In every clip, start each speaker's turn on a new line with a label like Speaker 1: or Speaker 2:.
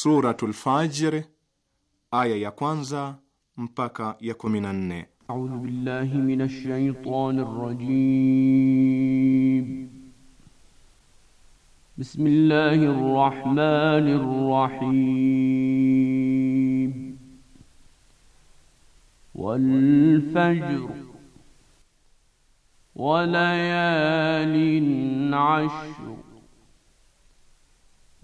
Speaker 1: Suratul Fajr aya ya kwanza mpaka ya A'udhu
Speaker 2: billahi minash shaitanir rajim. Bismillahir rahmanir rahim. Wal fajr wa layalin 'ashr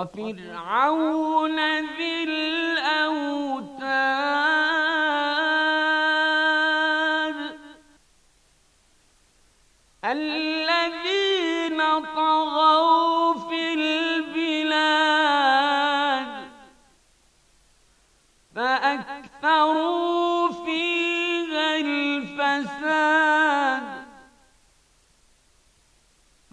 Speaker 2: وفرعون ذي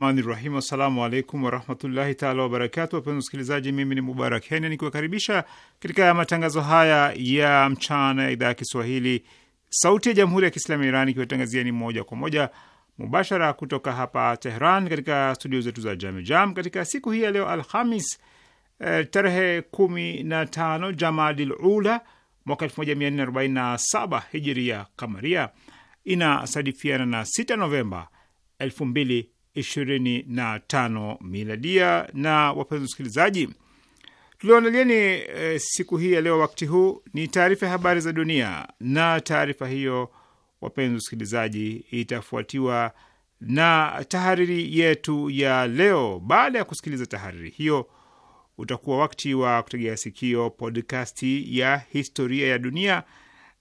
Speaker 3: rahmani rahim. Assalamu alaikum warahmatullahi taala wabarakatu. Wapenzi wasikilizaji, mimi ni Mubarak Kenya nikiwakaribisha katika matangazo haya ya mchana ya idhaa ya Kiswahili Sauti ya Jamhuri ya Kiislamu ya Iran ikiwatangazia ni moja kwa moja mubashara kutoka hapa Tehran katika studio zetu za Jamjam katika siku hii ya leo Alhamis eh, tarehe kumi na tano Jamadil Ula mwaka saba hijiria Kamaria inasadifiana na 6 Novemba mbili 25 miladia. Na wapenzi wasikilizaji, tulioandalieni e, siku hii ya leo wakati huu ni taarifa ya habari za dunia, na taarifa hiyo wapenzi wasikilizaji, itafuatiwa na tahariri yetu ya leo. Baada ya kusikiliza tahariri hiyo, utakuwa wakati wa kutegea sikio podkasti ya historia ya dunia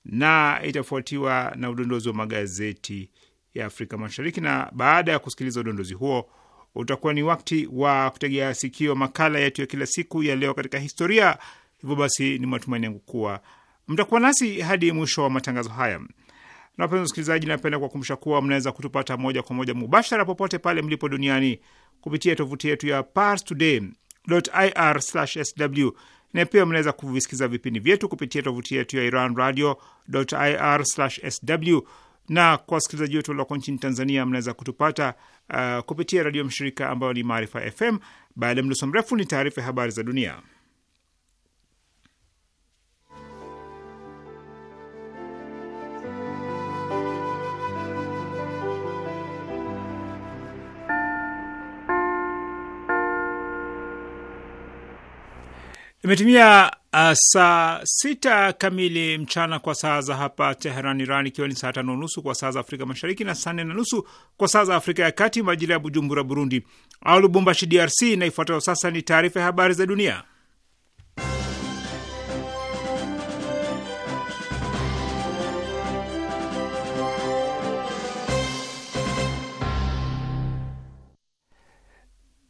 Speaker 3: na itafuatiwa na udondozi wa magazeti ya Afrika Mashariki. Na baada ya kusikiliza udondozi huo, utakuwa ni wakati wa kutegea sikio makala yetu ya kila siku ya leo katika historia. Hivyo basi, ni matumaini yangu kuwa mtakuwa nasi hadi mwisho wa matangazo haya. Na wapenzi wasikilizaji, napenda kuwakumbusha kuwa mnaweza kutupata moja kwa moja mubashara popote pale mlipo duniani kupitia tovuti yetu ya parstoday.ir/sw na pia mnaweza kuvisikiza vipindi vyetu kupitia tovuti yetu ya Iran ir sw na kwa wasikilizaji wetu walioko nchini Tanzania, mnaweza kutupata uh, kupitia redio mshirika ambayo ni Maarifa FM. Baada ya mdoso mrefu, ni taarifa ya habari za dunia. Imetimia Uh, saa sita kamili mchana kwa saa za hapa Teheran, Iran, ikiwa ni saa tano nusu kwa saa za Afrika Mashariki na saa nne na nusu kwa saa za Afrika ya Kati, majira ya Bujumbura, Burundi, au Lubumbashi, DRC. Na ifuatayo sasa ni taarifa ya habari za dunia,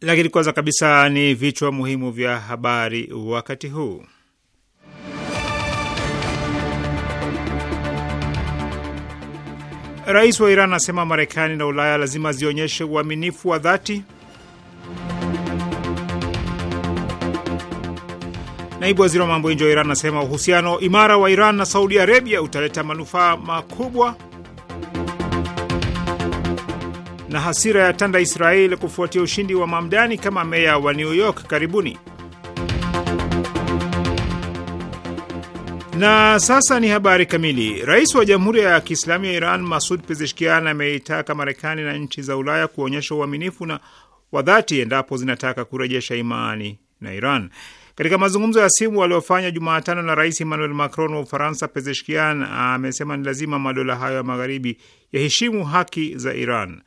Speaker 3: lakini kwanza kabisa ni vichwa muhimu vya habari wakati huu. Rais wa Iran anasema Marekani na Ulaya lazima zionyeshe uaminifu wa dhati. Naibu waziri wa mambo ya nje wa Iran anasema uhusiano imara wa Iran na Saudi Arabia utaleta manufaa makubwa. Na hasira ya tanda Israeli kufuatia ushindi wa Mamdani kama meya wa New York. Karibuni. Na sasa ni habari kamili. Rais wa Jamhuri ya Kiislamu ya Iran Masud Pezeshkian ameitaka Marekani na nchi za Ulaya kuonyesha uaminifu na wa dhati endapo zinataka kurejesha imani na Iran. Katika mazungumzo ya simu aliyofanya Jumatano na Rais Emmanuel Macron wa Ufaransa, Pezeshkian amesema ni lazima madola hayo ya magharibi yaheshimu haki za Iran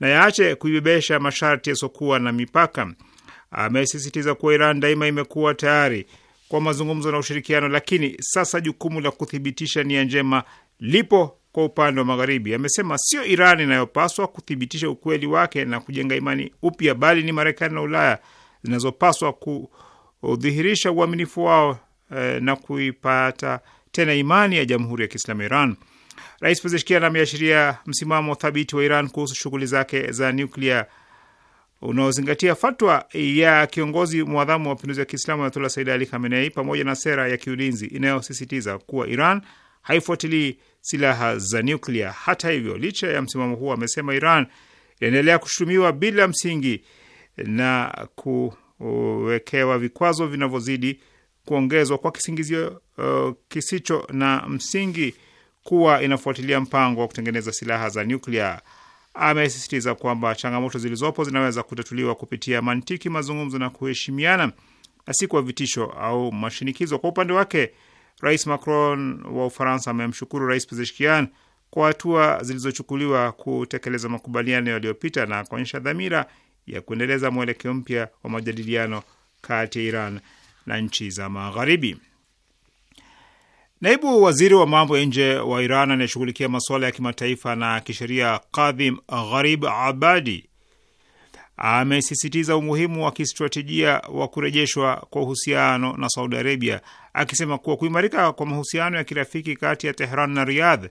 Speaker 3: na yaache kuibebesha masharti yasiokuwa na mipaka. Amesisitiza kuwa Iran daima imekuwa tayari kwa mazungumzo na ushirikiano, lakini sasa jukumu la kuthibitisha nia njema lipo kwa upande wa Magharibi. Amesema sio Iran inayopaswa kuthibitisha ukweli wake na kujenga imani upya, bali ni Marekani na Ulaya zinazopaswa kudhihirisha uaminifu wao eh, na kuipata tena imani ya Jamhuri ya Kiislamu ya Iran. Rais Pezeshkian ameashiria msimamo thabiti wa Iran kuhusu shughuli zake za nuklia unaozingatia fatwa ya kiongozi mwadhamu wa mapinduzi ya Kiislamu Ayatullah Said Ali Khamenei pamoja na sera ya kiulinzi inayosisitiza kuwa Iran haifuatilii silaha za nyuklia. Hata hivyo, licha ya msimamo huo, amesema Iran inaendelea kushutumiwa bila msingi na kuwekewa vikwazo vinavyozidi kuongezwa kwa kisingizio uh, kisicho na msingi kuwa inafuatilia mpango wa kutengeneza silaha za nyuklia amesisitiza kwamba changamoto zilizopo zinaweza kutatuliwa kupitia mantiki, mazungumzo na kuheshimiana na si kwa vitisho au mashinikizo. Kwa upande wake, Rais Macron wa Ufaransa amemshukuru Rais Pezeshkian kwa hatua zilizochukuliwa kutekeleza makubaliano yaliyopita na kuonyesha dhamira ya kuendeleza mwelekeo mpya wa majadiliano kati ya Iran na nchi za Magharibi. Naibu waziri wa mambo ya nje wa Iran anayeshughulikia masuala ya kimataifa na kisheria Kadhim Gharib Abadi amesisitiza umuhimu wa kistratejia wa kurejeshwa kwa uhusiano na Saudi Arabia, akisema kuwa kuimarika kwa mahusiano ya kirafiki kati ya Tehran na Riyadh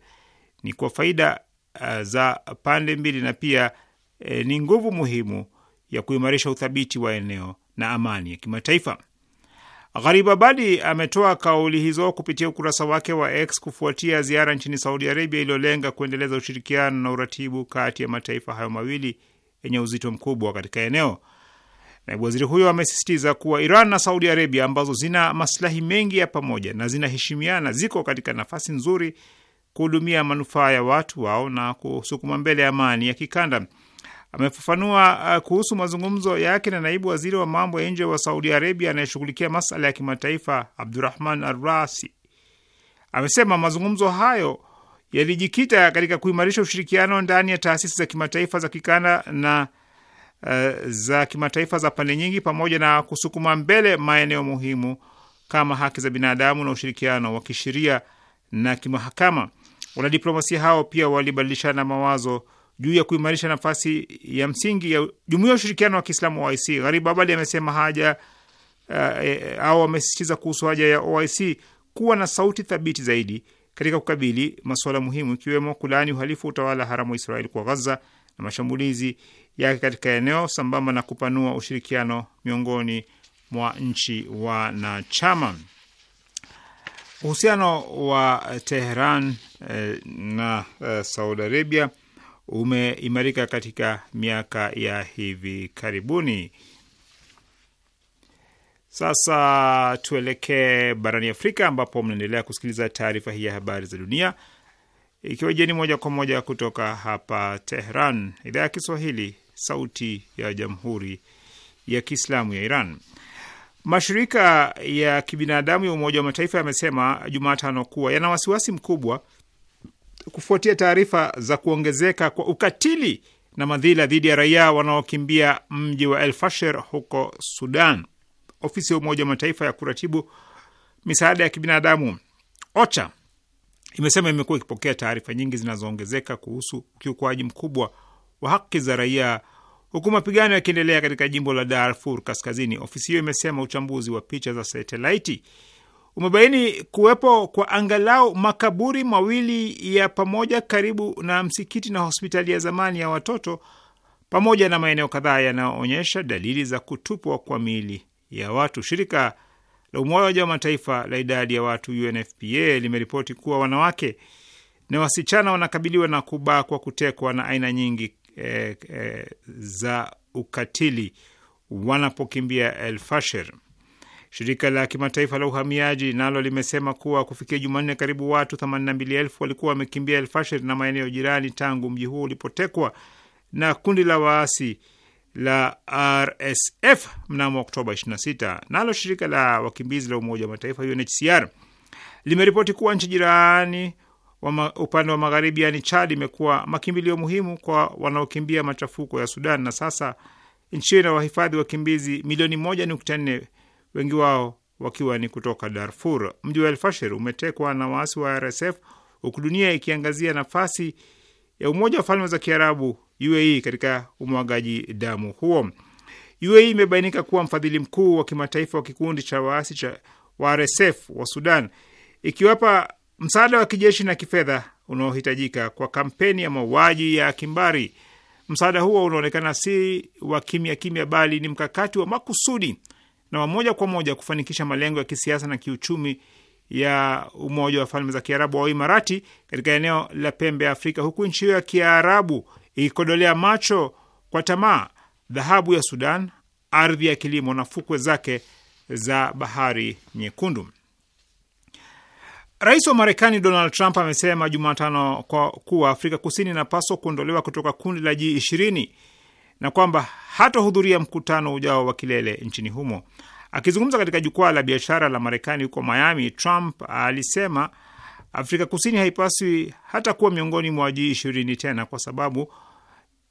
Speaker 3: ni kwa faida eh, za pande mbili na pia e, ni nguvu muhimu ya kuimarisha uthabiti wa eneo na amani ya kimataifa. Gharibabadi ametoa kauli hizo kupitia ukurasa wake wa X kufuatia ziara nchini Saudi Arabia iliyolenga kuendeleza ushirikiano na uratibu kati ya mataifa hayo mawili yenye uzito mkubwa katika eneo. Naibu waziri huyo amesisitiza kuwa Iran na Saudi Arabia ambazo zina maslahi mengi ya pamoja na zinaheshimiana, ziko katika nafasi nzuri kuhudumia manufaa ya watu wao na kusukuma mbele amani ya kikanda amefafanua uh, kuhusu mazungumzo yake na naibu waziri wa mambo ya nje wa Saudi Arabia anayeshughulikia masala ya kimataifa Abdurahman Arrasi. Amesema mazungumzo hayo yalijikita katika kuimarisha ushirikiano ndani ya taasisi za kimataifa za kikanda na uh, za kimataifa za pande nyingi pamoja na kusukuma mbele maeneo muhimu kama haki za binadamu na ushirikiano wa kisheria na kimahakama. Wanadiplomasia hao pia walibadilishana mawazo juu ya kuimarisha nafasi ya msingi ya jumuiya ya ushirikiano wa Kiislamu OIC. Gharib Abadi amesema haja uh, e, au amesisitiza kuhusu haja ya OIC kuwa na sauti thabiti zaidi katika kukabili masuala muhimu ikiwemo kulaani uhalifu wa utawala haramu wa Israeli kwa Gaza na mashambulizi yake katika eneo sambamba na kupanua ushirikiano miongoni mwa nchi wanachama. Uhusiano wa Teheran eh, na eh, Saudi Arabia umeimarika katika miaka ya hivi karibuni. Sasa tuelekee barani Afrika ambapo mnaendelea kusikiliza taarifa hii ya habari za dunia ikiwa jeni moja kwa moja kutoka hapa Tehran, idhaa ya Kiswahili, sauti ya jamhuri ya kiislamu ya Iran. Mashirika ya kibinadamu ya Umoja wa Mataifa yamesema Jumatano kuwa yana wasiwasi mkubwa kufuatia taarifa za kuongezeka kwa ukatili na madhila dhidi ya raia wanaokimbia mji wa El Fasher huko Sudan. Ofisi ya Umoja wa Mataifa ya kuratibu misaada ya kibinadamu OCHA imesema imekuwa ikipokea taarifa nyingi zinazoongezeka kuhusu ukiukwaji mkubwa wa haki za raia huku mapigano yakiendelea katika jimbo la Darfur Kaskazini. Ofisi hiyo imesema uchambuzi wa picha za satelaiti umebaini kuwepo kwa angalau makaburi mawili ya pamoja karibu na msikiti na hospitali ya zamani ya watoto pamoja na maeneo kadhaa yanayoonyesha dalili za kutupwa kwa miili ya watu. Shirika la Umoja wa Mataifa la idadi ya watu UNFPA limeripoti kuwa wanawake na wasichana wanakabiliwa na kubakwa, kutekwa na aina nyingi eh, eh, za ukatili wanapokimbia El Fasher. Shirika la kimataifa la uhamiaji nalo limesema kuwa kufikia Jumanne, karibu watu 82,000 walikuwa wamekimbia Elfashir na maeneo jirani tangu mji huo ulipotekwa na kundi la waasi la RSF mnamo Oktoba 26. Nalo shirika la wakimbizi la Umoja wa Mataifa UNHCR limeripoti kuwa nchi jirani wa upande wa magharibi, yani Chad, imekuwa makimbilio muhimu kwa wanaokimbia machafuko ya Sudan, na sasa nchi hiyo inawahifadhi wakimbizi milioni 1.4 wengi wao wakiwa ni kutoka Darfur. Mji wa elfasher umetekwa na waasi wa RSF huku dunia ikiangazia nafasi ya Umoja wa Falme za Kiarabu UAE katika umwagaji damu huo. UAE imebainika kuwa mfadhili mkuu wa kimataifa wa kikundi cha waasi cha wa RSF wa Sudan, ikiwapa msaada wa kijeshi na kifedha unaohitajika kwa kampeni ya mauaji ya kimbari. Msaada huo unaonekana si wa kimya kimya, bali ni mkakati wa makusudi na wa moja kwa moja kufanikisha malengo ya kisiasa na kiuchumi ya Umoja wa Falme za Kiarabu au Imarati katika eneo la pembe ya Afrika, huku nchi hiyo ya Kiarabu ikikodolea macho kwa tamaa dhahabu ya Sudan, ardhi ya kilimo na fukwe zake za Bahari Nyekundu. Rais wa Marekani Donald Trump amesema Jumatano kuwa Afrika Kusini inapaswa kuondolewa kutoka kundi la G ishirini na kwamba hatohudhuria mkutano ujao wa kilele nchini humo. Akizungumza katika jukwaa la biashara la Marekani huko Miami, Trump alisema Afrika Kusini haipaswi hata kuwa miongoni mwa jii ishirini tena kwa sababu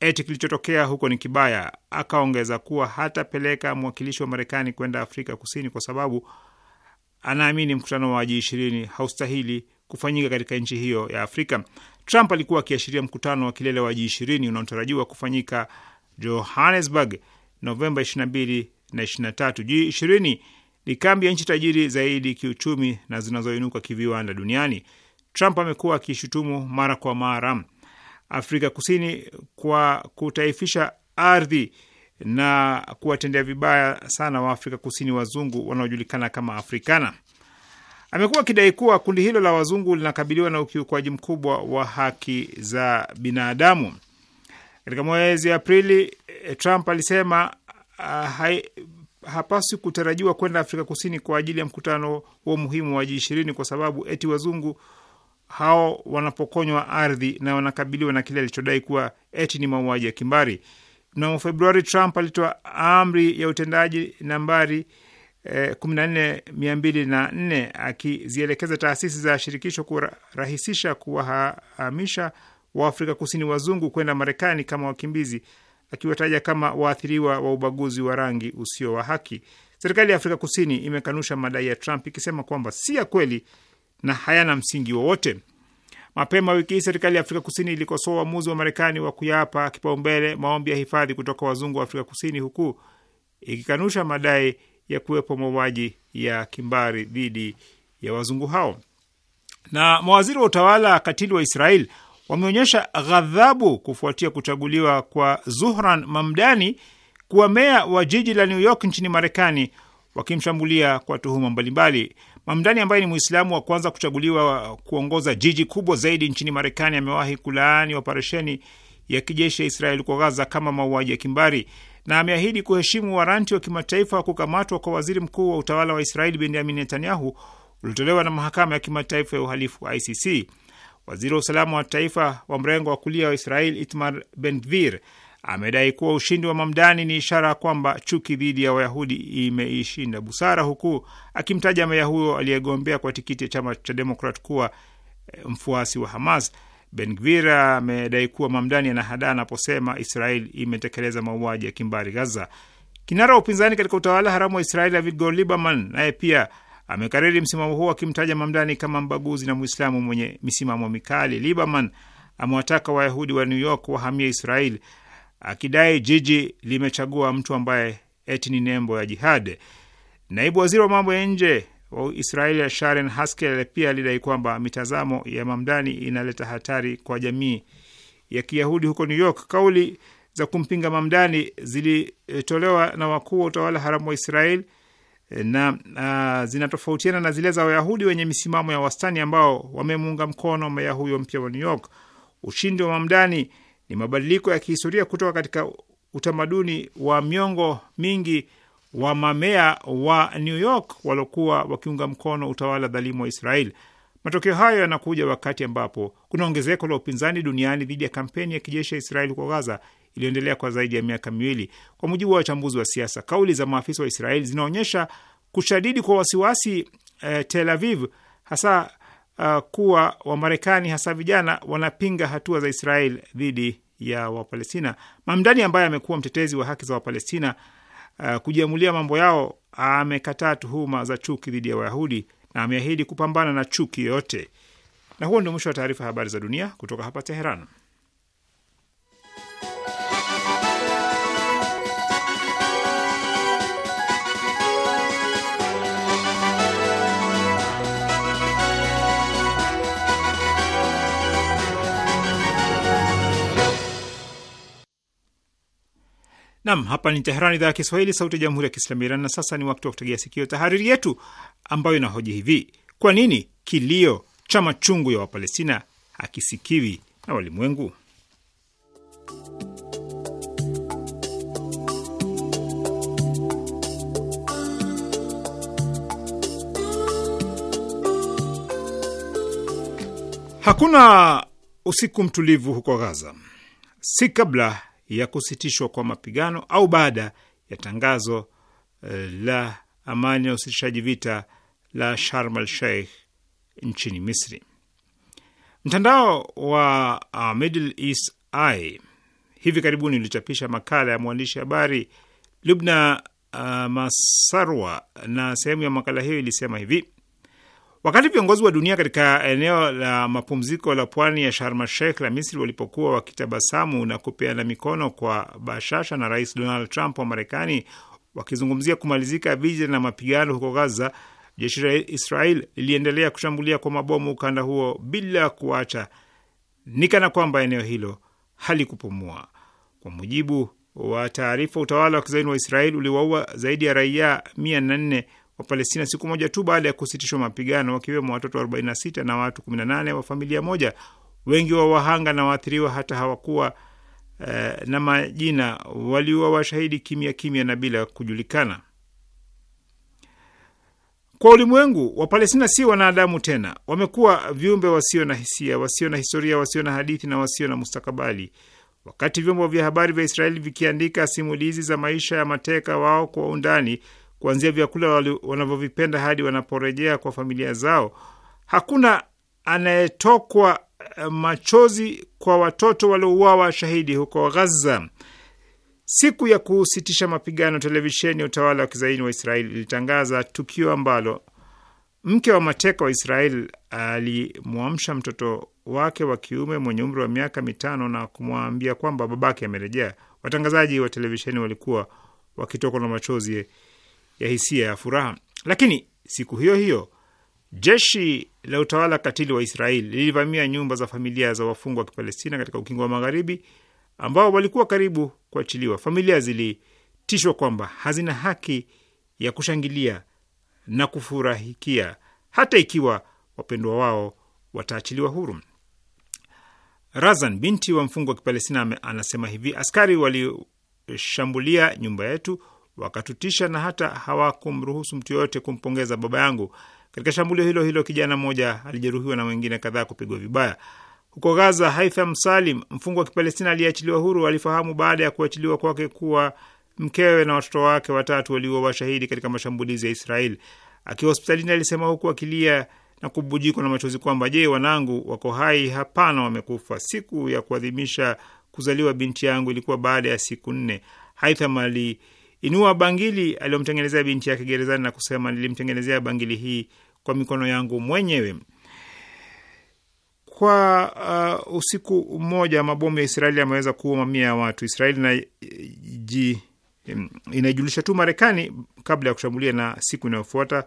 Speaker 3: eti kilichotokea huko ni kibaya. Akaongeza kuwa hatapeleka mwakilishi wa Marekani kwenda Afrika Kusini kwa sababu anaamini mkutano wa jii ishirini haustahili kufanyika katika nchi hiyo ya Afrika. Trump alikuwa akiashiria mkutano wa kilele wa jii ishirini unaotarajiwa kufanyika Johannesburg Novemba 22 na 23. G20 ni kambi ya nchi tajiri zaidi kiuchumi na zinazoinuka kiviwanda duniani. Trump amekuwa akishutumu mara kwa mara Afrika Kusini kwa kutaifisha ardhi na kuwatendea vibaya sana Waafrika Kusini wazungu wanaojulikana kama Afrikana. Amekuwa akidai kuwa kundi hilo la wazungu linakabiliwa na ukiukwaji mkubwa wa haki za binadamu. Katika mwezi Aprili, eh, Trump alisema uh, hapaswi kutarajiwa kwenda Afrika Kusini kwa ajili ya mkutano huo muhimu wa ji ishirini kwa sababu eti wazungu hao wanapokonywa ardhi na wanakabiliwa na kile alichodai kuwa eti ni mauaji ya kimbari. Mnamo Februari, Trump alitoa amri ya utendaji nambari eh, 14204 akizielekeza taasisi za shirikisho kurahisisha kuwahamisha wa Afrika Kusini wazungu kwenda Marekani kama wakimbizi, akiwataja kama waathiriwa wa ubaguzi wa rangi usio wa haki. Serikali ya Afrika Kusini imekanusha madai ya Trump ikisema kwamba si ya kweli na hayana msingi wowote. Mapema wiki hii serikali ya Afrika Kusini ilikosoa uamuzi wa Marekani wa kuyapa kipaumbele maombi ya hifadhi kutoka wazungu wa Afrika Kusini, huku ikikanusha madai ya kuwepo mauaji ya kimbari dhidi ya wazungu hao. Na mawaziri wa utawala katili wa Israel wameonyesha ghadhabu kufuatia kuchaguliwa kwa Zuhran Mamdani kuwa meya wa jiji la New York nchini Marekani, wakimshambulia kwa tuhuma mbalimbali. Mamdani ambaye ni Mwislamu wa kwanza kuchaguliwa kuongoza jiji kubwa zaidi nchini Marekani amewahi kulaani operesheni ya kijeshi ya Israeli kwa Gaza kama mauaji ya kimbari na ameahidi kuheshimu waranti wa kimataifa wa kukamatwa kwa waziri mkuu wa utawala wa Israeli Benjamin Netanyahu uliotolewa na mahakama ya kimataifa ya uhalifu ICC. Waziri wa usalama wa taifa wa mrengo wa kulia wa Israel Itmar Ben-Gvir amedai kuwa ushindi wa Mamdani ni ishara kwamba chuki dhidi ya Wayahudi imeishinda busara, huku akimtaja meya huyo aliyegombea kwa tikiti ya chama cha Demokrat kuwa eh, mfuasi wa Hamas. Ben-Gvir amedai kuwa Mamdani anahadaa anaposema Israel imetekeleza mauaji ya kimbari Gaza. Kinara wa upinzani katika utawala haramu wa Israel Avigdor Lieberman naye pia amekariri msimamo huo akimtaja Mamdani kama mbaguzi na Mwislamu mwenye misimamo mikali. Lieberman amewataka Wayahudi wa New York wahamia Israel, akidai jiji limechagua mtu ambaye eti ni nembo ya jihad. Naibu waziri wa mambo ya nje wa Israeli Sharon Haskel pia alidai kwamba mitazamo ya Mamdani inaleta hatari kwa jamii ya Kiyahudi huko New York. Kauli za kumpinga Mamdani zilitolewa na wakuu wa utawala haramu wa Israeli na uh, zinatofautiana na zile za Wayahudi wenye misimamo ya wastani ambao wamemuunga mkono meya huyo mpya wa New York. Ushindi wa Mamdani ni mabadiliko ya kihistoria kutoka katika utamaduni wa miongo mingi wa mameya wa New York waliokuwa wakiunga mkono utawala dhalimu wa israel Matokeo hayo yanakuja wakati ambapo kuna ongezeko la upinzani duniani dhidi ya kampeni ya kijeshi ya israel kwa Gaza iliyoendelea kwa zaidi ya miaka miwili. Kwa mujibu wa wachambuzi wa siasa, kauli za maafisa wa israel zinaonyesha kushadidi kwa wasiwasi eh, Tel Aviv hasa uh, kuwa Wamarekani hasa vijana wanapinga hatua za Israel dhidi ya Wapalestina. Mamdani ambaye amekuwa mtetezi wa haki za Wapalestina uh, kujiamulia mambo yao amekataa tuhuma za chuki dhidi ya Wayahudi na ameahidi kupambana na chuki yoyote. Na huo ndio mwisho wa taarifa ya habari za dunia kutoka hapa Teheran. Nam, hapa ni Teherani, idhaa ya Kiswahili, sauti ya jamhuri ya kiislamu Iran. Na sasa ni wakati wa kutegea sikio tahariri yetu ambayo inahoji hivi: kwa nini kilio cha machungu ya Wapalestina hakisikiwi na walimwengu? Hakuna usiku mtulivu huko Gaza, si kabla ya kusitishwa kwa mapigano au baada ya tangazo eh, la amani ya usitishaji vita la Sharm el Sheikh nchini Misri. Mtandao wa uh, Middle East Eye hivi karibuni ulichapisha makala ya mwandishi habari Lubna uh, Masarwa, na sehemu ya makala hiyo ilisema hivi: Wakati viongozi wa dunia katika eneo la mapumziko la pwani ya Sharm el Sheikh la Misri walipokuwa wakitabasamu na kupeana mikono kwa bashasha na Rais Donald Trump wa Marekani wakizungumzia kumalizika vita na mapigano huko Gaza, jeshi la Israel liliendelea kushambulia kwa mabomu ukanda huo bila kuacha, ni kana kwamba eneo hilo halikupumua. Kwa mujibu wa taarifa, utawala wa kizaini wa Israel uliwaua zaidi ya raia mia na nne Wapalestina siku moja tu baada ya kusitishwa mapigano, wakiwemo watoto 46 na watu 18 wa familia moja. Wengi wa wahanga na waathiriwa hata hawakuwa eh, na majina, waliuwa washahidi kimya kimya na bila kujulikana. Kwa ulimwengu, Wapalestina si wanadamu tena, wamekuwa viumbe wasio na hisia, wasio na historia, wasio na hadithi na wasio na mustakabali. Wakati vyombo vya habari vya Israeli vikiandika simulizi za maisha ya mateka wao kwa undani kuanzia vyakula wanavyovipenda hadi wanaporejea kwa familia zao. Hakuna anayetokwa eh, machozi kwa watoto waliouawa shahidi huko ghaza Siku ya kusitisha mapigano, televisheni ya utawala wa kizaini wa Israeli ilitangaza tukio ambalo mke wa mateka wa Israeli alimwamsha mtoto wake wa kiume mwenye umri wa miaka mitano na kumwambia kwamba babake amerejea. Watangazaji wa televisheni walikuwa wakitokwa na machozi ya hisia ya furaha. Lakini siku hiyo hiyo jeshi la utawala katili wa Israeli lilivamia nyumba za familia za wafungwa wa Kipalestina katika ukingo wa Magharibi ambao walikuwa karibu kuachiliwa. Familia zilitishwa kwamba hazina haki ya kushangilia na kufurahikia hata ikiwa wapendwa wao wataachiliwa huru. Razan, binti wa mfungwa wa Kipalestina, anasema hivi: askari walishambulia nyumba yetu, wakatutisha na hata hawakumruhusu mtu yoyote kumpongeza baba yangu. Katika shambulio hilo hilo kijana mmoja alijeruhiwa na wengine kadhaa kupigwa vibaya. Huko Gaza, Haitham Salim, mfungwa wa Kipalestina aliyeachiliwa huru, alifahamu baada ya kuachiliwa kwake kuwa mkewe na watoto wake watatu walio washahidi katika mashambulizi ya Israeli. Akiwa hospitalini, alisema huku akilia na kubujikwa na machozi kwamba, je, wanangu wako hai? Hapana, wamekufa. Siku ya kuadhimisha kuzaliwa binti yangu ilikuwa baada ya siku nne. Haitham ali Inua bangili aliyomtengenezea binti yake gerezani na kusema, nilimtengenezea bangili hii kwa mikono yangu mwenyewe. Kwa uh, usiku mmoja mabomu ya Israeli yameweza kuua mamia ya watu. Israeli na ji inaijulisha tu Marekani kabla ya kushambulia, na siku inayofuata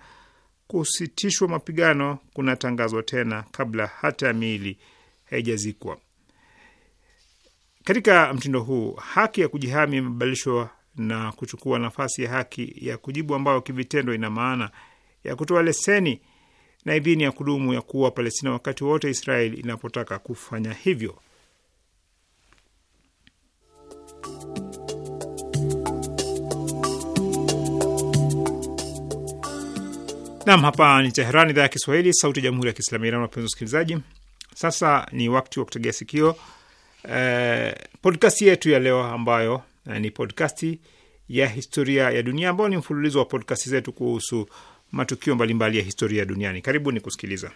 Speaker 3: kusitishwa mapigano kunatangazwa tena kabla hata miili haijazikwa. Katika mtindo huu haki ya kujihami imebadilishwa na kuchukua nafasi ya haki ya kujibu ambayo kivitendo ina maana ya kutoa leseni na idhini ya kudumu ya kuwa Palestina wakati wote Israeli inapotaka kufanya hivyo. Nam, hapa ni teheran idhaa ya Kiswahili, sauti ya jamhuri ya kiislamu ya Iran. Wapenzi wasikilizaji, sasa ni wakati wa kutegea sikio eh, podkasti yetu ya leo ambayo ni podkasti ya historia ya dunia ambayo ni mfululizo wa podkasti zetu kuhusu matukio mbalimbali ya historia duniani. Karibuni kusikiliza.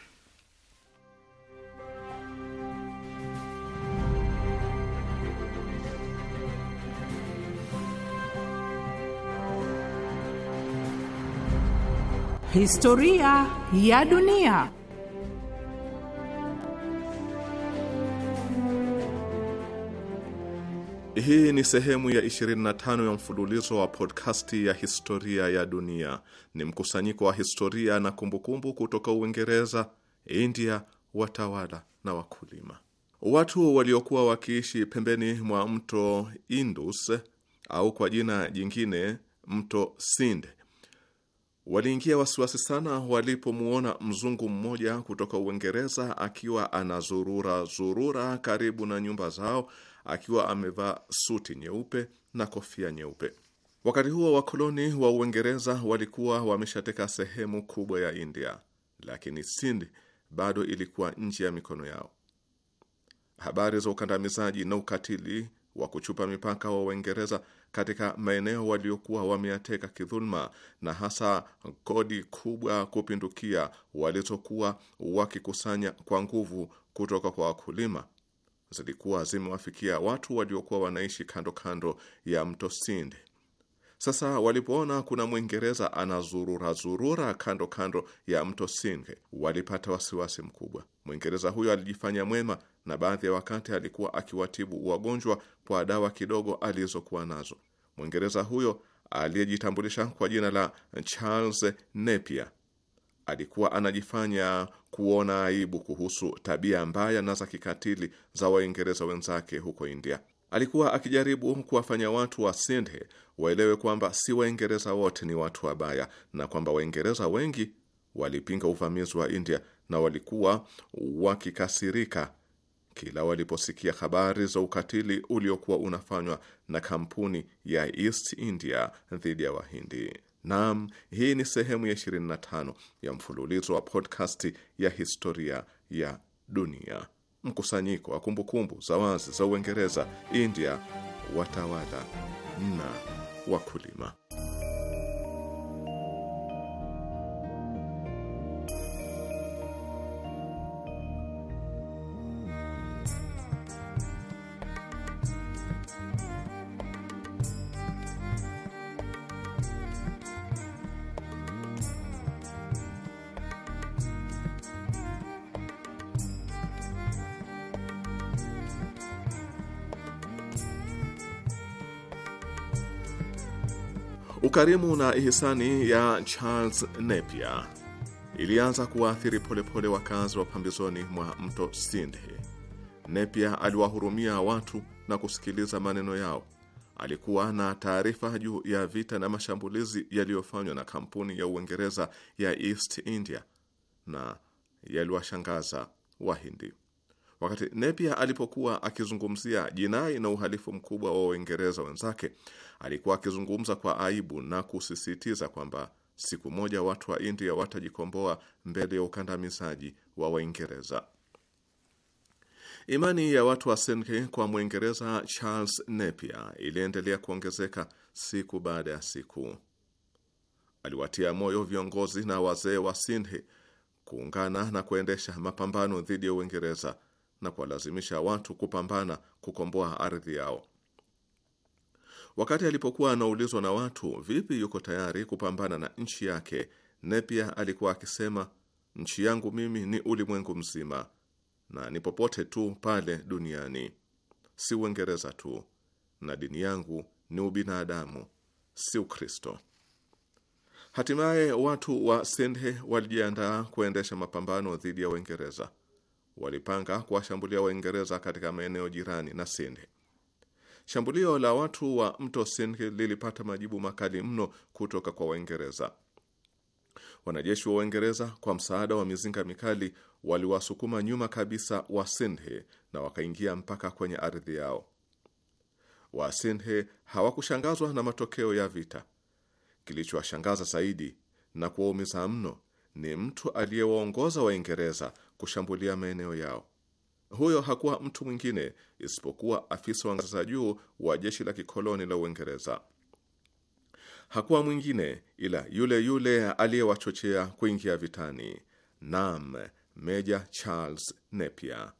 Speaker 1: Historia ya dunia. Hii ni sehemu ya 25 ya mfululizo wa podkasti ya historia ya dunia. Ni mkusanyiko wa historia na kumbukumbu kutoka Uingereza, India, watawala na wakulima. Watu waliokuwa wakiishi pembeni mwa mto Indus au kwa jina jingine mto Sind waliingia wasiwasi sana walipomwona mzungu mmoja kutoka Uingereza akiwa anazurura zurura karibu na nyumba zao akiwa amevaa suti nyeupe na kofia nyeupe. Wakati huo wakoloni wa Uingereza walikuwa wameshateka sehemu kubwa ya India, lakini Sindh bado ilikuwa nje ya mikono yao. Habari za ukandamizaji na ukatili wa kuchupa mipaka wa Uingereza katika maeneo waliokuwa wameyateka kidhuluma na hasa kodi kubwa kupindukia walizokuwa wakikusanya kwa nguvu kutoka kwa wakulima zilikuwa zimewafikia watu waliokuwa wanaishi kando kando ya mto Sindi. Sasa walipoona kuna Mwingereza anazurura zurura kando kando ya mto Singe, walipata wasiwasi mkubwa. Mwingereza huyo alijifanya mwema, na baadhi ya wakati alikuwa akiwatibu wagonjwa kwa dawa kidogo alizokuwa nazo. Mwingereza huyo aliyejitambulisha kwa jina la Charles Napier alikuwa anajifanya kuona aibu kuhusu tabia mbaya na za kikatili za Waingereza wenzake huko India. Alikuwa akijaribu kuwafanya watu wa sindhe waelewe kwamba si Waingereza wote ni watu wabaya na kwamba Waingereza wengi walipinga uvamizi wa India na walikuwa wakikasirika kila waliposikia habari za ukatili uliokuwa unafanywa na kampuni ya East India dhidi ya Wahindi. Naam, hii ni sehemu ya 25 ya mfululizo wa podcast ya historia ya dunia, mkusanyiko wa kumbukumbu za wazi za Uingereza, India, watawala na wakulima. Ukarimu na ihisani ya Charles Napier ilianza kuwaathiri polepole wakazi wa pambizoni mwa mto Sindh. Napier aliwahurumia watu na kusikiliza maneno yao. Alikuwa na taarifa juu ya vita na mashambulizi yaliyofanywa na kampuni ya Uingereza ya East India na yaliwashangaza Wahindi. Wakati nepia alipokuwa akizungumzia jinai na uhalifu mkubwa wa Waingereza wenzake, alikuwa akizungumza kwa aibu na kusisitiza kwamba siku moja watu wa India watajikomboa mbele ya ukandamizaji wa Waingereza. Imani ya watu wa Senke kwa Mwingereza Charles Napier iliendelea kuongezeka siku baada ya siku. Aliwatia moyo viongozi na wazee wa Sindhi kuungana na kuendesha mapambano dhidi ya Uingereza na kuwalazimisha watu kupambana kukomboa ardhi yao. Wakati alipokuwa anaulizwa na watu vipi yuko tayari kupambana na nchi yake, nepia alikuwa akisema, nchi yangu mimi ni ulimwengu mzima na ni popote tu pale duniani, si Uingereza tu, na dini yangu ni ubinadamu, si Ukristo. Hatimaye watu wa Sindhe walijiandaa kuendesha mapambano dhidi ya Uingereza walipanga kuwashambulia Waingereza katika maeneo jirani na Sindh. Shambulio la watu wa mto Sindh lilipata majibu makali mno kutoka kwa Waingereza. Wanajeshi wa Waingereza kwa msaada wa mizinga mikali waliwasukuma nyuma kabisa Wasindhe na wakaingia mpaka kwenye ardhi yao. Wasindhe hawakushangazwa na matokeo ya vita. Kilichowashangaza zaidi na kuwaumiza mno ni mtu aliyewaongoza Waingereza kushambulia maeneo yao. Huyo hakuwa mtu mwingine isipokuwa afisa wa ngazi za juu wa jeshi la kikoloni la Uingereza. Hakuwa mwingine ila yule yule aliyewachochea kuingia vitani. Naam, Meja Charles Napier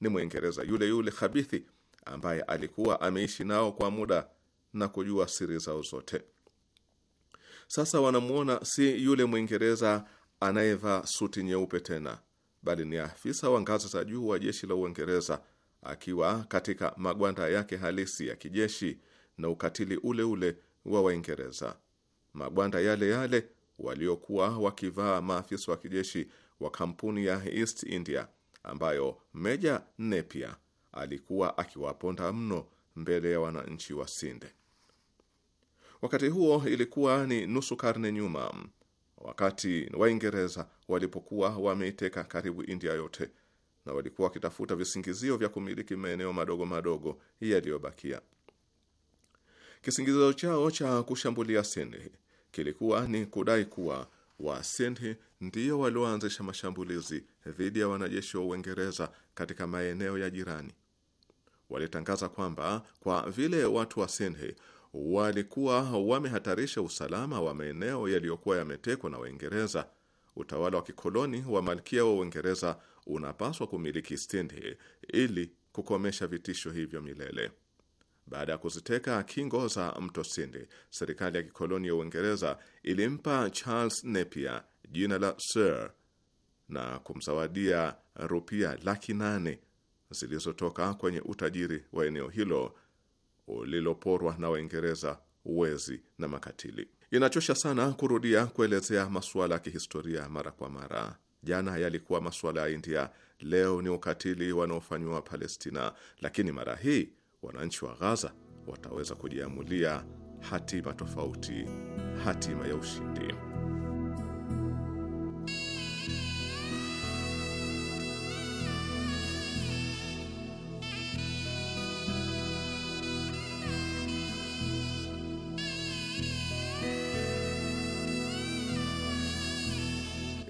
Speaker 1: ni Mwingereza yule yule khabithi ambaye alikuwa ameishi nao kwa muda na kujua siri zao zote. Sasa wanamwona si yule Mwingereza anayevaa suti nyeupe tena, bali ni afisa wa ngazi za juu wa jeshi la Uingereza akiwa katika magwanda yake halisi ya kijeshi na ukatili ule ule wa Waingereza, magwanda yale yale waliokuwa wakivaa maafisa wa kijeshi wa kampuni ya East India ambayo Meja Napier alikuwa akiwaponda mno mbele ya wananchi wa Sinde. Wakati huo ilikuwa ni nusu karne nyuma wakati Waingereza walipokuwa wameiteka karibu India yote na walikuwa wakitafuta visingizio vya kumiliki maeneo madogo madogo yaliyobakia. Kisingizio chao cha kushambulia Sindh kilikuwa ni kudai kuwa Wasindh ndiyo walioanzisha mashambulizi dhidi ya wanajeshi wa Uingereza katika maeneo ya jirani. Walitangaza kwamba kwa vile watu wa Sindh walikuwa wamehatarisha usalama wa maeneo yaliyokuwa yametekwa na Waingereza, utawala wa kikoloni wa malkia wa Uingereza unapaswa kumiliki Sindh ili kukomesha vitisho hivyo milele. Baada ya kuziteka kingo za mto Sindi, serikali ya kikoloni ya Uingereza ilimpa Charles Napier jina la Sir na kumzawadia rupia laki nane zilizotoka kwenye utajiri wa eneo hilo uliloporwa na Waingereza wezi na makatili. Inachosha sana kurudia kuelezea masuala ya kihistoria mara kwa mara. Jana yalikuwa masuala ya India, leo ni ukatili wanaofanywa wa Palestina, lakini mara hii wananchi wa Gaza wataweza kujiamulia hatima tofauti, hatima ya ushindi.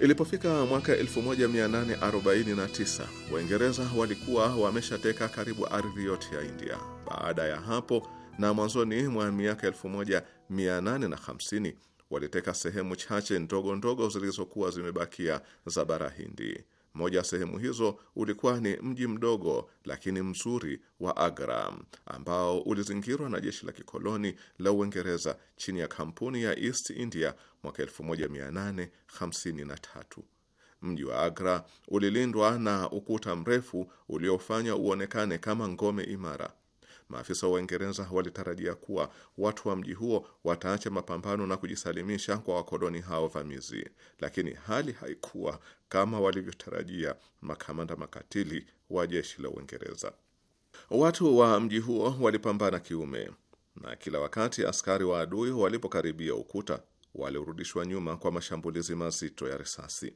Speaker 1: Ilipofika mwaka 1849 Waingereza walikuwa wameshateka karibu ardhi yote ya India. Baada ya hapo na mwanzoni mwa miaka 1850 waliteka sehemu chache ndogo ndogo zilizokuwa zimebakia za bara Hindi. Moja ya sehemu hizo ulikuwa ni mji mdogo lakini mzuri wa Agra ambao ulizingirwa na jeshi la kikoloni la Uingereza chini ya kampuni ya East India mwaka 1853. Mji wa Agra ulilindwa na ukuta mrefu uliofanya uonekane kama ngome imara. Maafisa wa Uingereza walitarajia kuwa watu wa mji huo wataacha mapambano na kujisalimisha kwa wakoloni hao vamizi, lakini hali haikuwa kama walivyotarajia makamanda makatili wa jeshi la Uingereza. Watu wa mji huo walipambana kiume, na kila wakati askari wa adui walipokaribia ukuta walirudishwa nyuma kwa mashambulizi mazito ya risasi.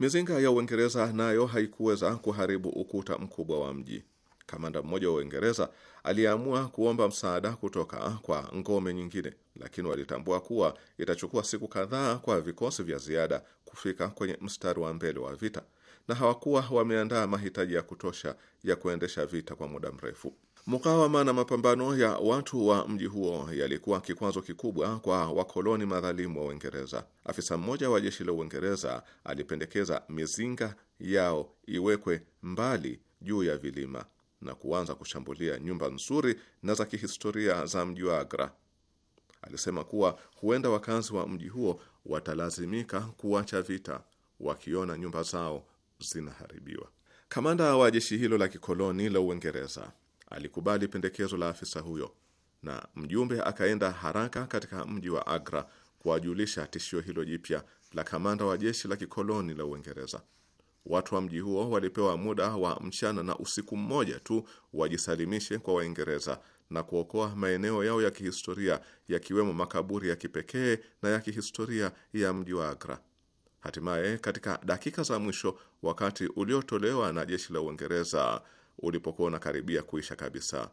Speaker 1: Mizinga ya Uingereza nayo haikuweza kuharibu ukuta mkubwa wa mji kamanda mmoja wa Uingereza aliamua kuomba msaada kutoka kwa ngome nyingine, lakini walitambua kuwa itachukua siku kadhaa kwa vikosi vya ziada kufika kwenye mstari wa mbele wa vita na hawakuwa wameandaa mahitaji ya kutosha ya kuendesha vita kwa muda mrefu. Mukawama na mapambano ya watu wa mji huo yalikuwa kikwazo kikubwa kwa wakoloni madhalimu wa Uingereza. Afisa mmoja wa jeshi la Uingereza alipendekeza mizinga yao iwekwe mbali juu ya vilima na kuanza kushambulia nyumba nzuri na za kihistoria za mji wa Agra. Alisema kuwa huenda wakazi wa mji huo watalazimika kuacha vita wakiona nyumba zao zinaharibiwa. Kamanda wa jeshi hilo la kikoloni la Uingereza alikubali pendekezo la afisa huyo na mjumbe akaenda haraka katika mji wa Agra kuwajulisha tishio hilo jipya la kamanda wa jeshi la kikoloni la Uingereza. Watu wa mji huo walipewa muda wa mchana na usiku mmoja tu wajisalimishe kwa Waingereza na kuokoa maeneo yao ya kihistoria yakiwemo makaburi ya kipekee na ya kihistoria ya mji wa Agra. Hatimaye, katika dakika za mwisho, wakati uliotolewa na jeshi la Uingereza ulipokuwa unakaribia kuisha kabisa,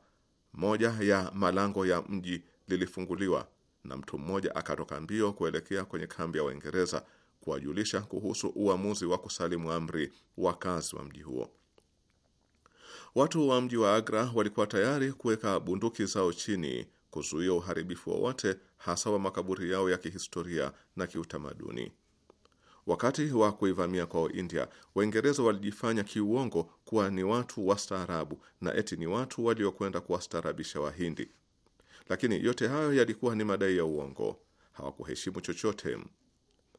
Speaker 1: moja ya malango ya mji lilifunguliwa na mtu mmoja akatoka mbio kuelekea kwenye kambi ya Waingereza kuwajulisha kuhusu uamuzi wa kusalimu amri wakazi wa mji huo. Watu wa mji wa Agra walikuwa tayari kuweka bunduki zao chini kuzuia uharibifu wowote, hasa wa makaburi yao ya kihistoria na kiutamaduni. Wakati wa kuivamia kwa India, Waingereza walijifanya kiuongo kuwa ni watu wastaarabu na eti ni watu waliokwenda kuwastaarabisha Wahindi, lakini yote hayo yalikuwa ni madai ya uongo. Hawakuheshimu chochote